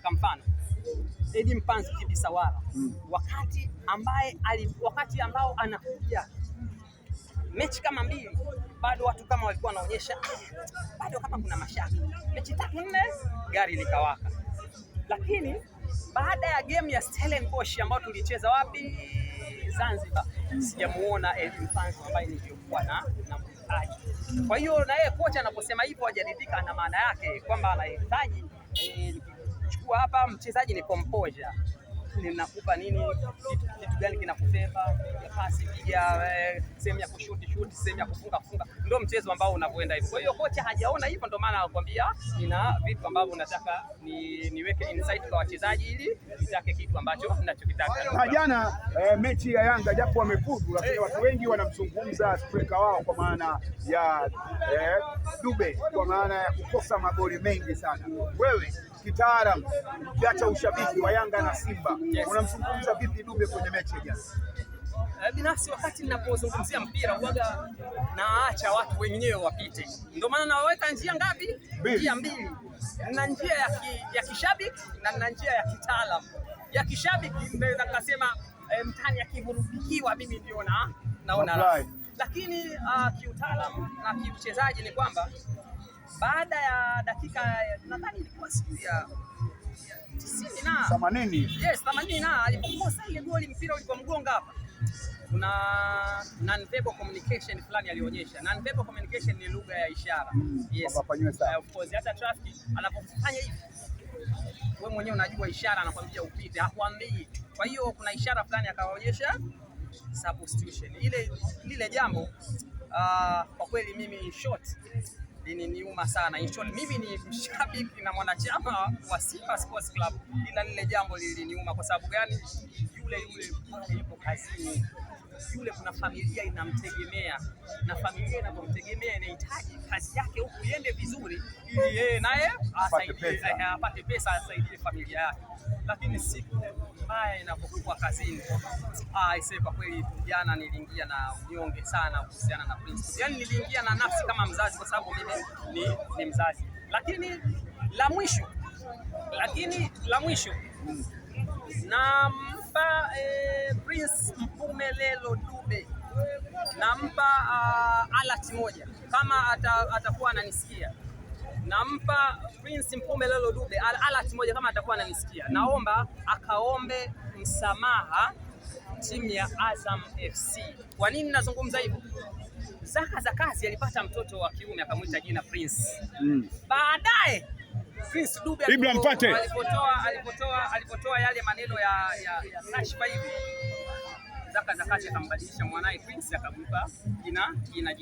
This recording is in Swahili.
kutaka mfano Mpanzi Mpanzu Kibisawala mm. wakati ambaye ali, wakati ambao anakuja mechi kama mbili bado watu kama walikuwa wanaonyesha ah, bado kama kuna mashaka, mechi tatu nne gari likawaka. Lakini baada ya game ya Stellenbosch ambayo tulicheza wapi Zanzibar, hmm. sijamuona Eddie Mpanzu ambaye nilikuwa na namhitaji. Hmm. Kwa hiyo na yeye kocha anaposema hivyo hajaridhika, ana maana yake kwamba anahitaji eh, Kikubwa hapa mchezaji ni composure, ninakupa nini, kitu gani kinakubeba, pasi pia eh, sehemu ya kushuti shuti, sehemu ya kufunga kufunga, ndio mchezo ambao unakwenda hivyo. Kwa hiyo kocha hajaona hivyo, ndio maana anakuambia nina vitu ambavyo nataka ni, niweke insight kwa wachezaji ili nitake kitu ambacho ninachokitaka. Jana eh, mechi ya Yanga japo wamefuzu, lakini hey, watu wengi wanamzungumza striker wao kwa maana ya eh, Dube kwa maana ya kukosa magoli mengi sana. Wewe kitaalam, ukiacha ushabiki wa Yanga na Simba, yes. Unamzungumza vipi Dube kwenye mechi ya jana? Eh, binafsi wakati ninapozungumzia mpira huaga naacha watu wenyewe wapite, ndio maana nawaweka njia ngapi? Njia mbili, na njia ya, ki, ya kishabiki na na njia ya kitaalam. Ya kishabiki naweza nikasema eh, mtani akivurugikiwa, mimi ndio naona, lakini uh, ah, kiutaalam na kiuchezaji ni kwamba baada ya dakika nadhani ilikuwa siku ya tisini na themanini, yes, themanini na alipokosa ile goli mpira ulipomgonga hapa kuna non-verbal communication fulani alionyesha. Non-verbal communication ni lugha ya ishara. Mm, yes. Uh, of course hata traffic anapofanya hivi wewe mwenyewe unajua ishara, anakwambia upite, hakuambii. Kwa hiyo kuna ishara fulani akaonyesha substitution. Ile lile jambo uh, kwa kweli mimi in short iliniuma sana. In short, mimi ni mshabiki na mwanachama wa Simba Sports Club, ila lile jambo liliniuma. Kwa sababu gani? Yule yule pale yuko kazini, yule kuna familia inamtegemea, na familia inapomtegemea inahitaji kazi yake viende vizuri, ili yeye naye eh, apate pesa asaidie familia yake. Lakini siku mbaya inapokuwa kazini, aise, ah, kwa kweli jana niliingia na unyonge sana kuhusiana na principles, yani niliingia na nafsi kama mzazi, kwa sababu mimi ni, ni mzazi. Lakini la mwisho lakini la mwisho Nampa eh, Prince Mpumelelo Dube nampa uh, alert moja, kama ata, atakuwa ananisikia nampa Prince Mpume Lelo Dube alert moja, kama atakuwa ananisikia, naomba akaombe msamaha timu ya Azam FC. Kwa nini nazungumza hivyo? Zaka za kazi alipata mtoto wa kiume akamwita jina Prince mm. Baadaye Prince Dube alipotoa alipotoa alipotoa yale maneno ya ya Flash hivi, Zaka za kazi akambadilisha mwanae Prince akampa jina jina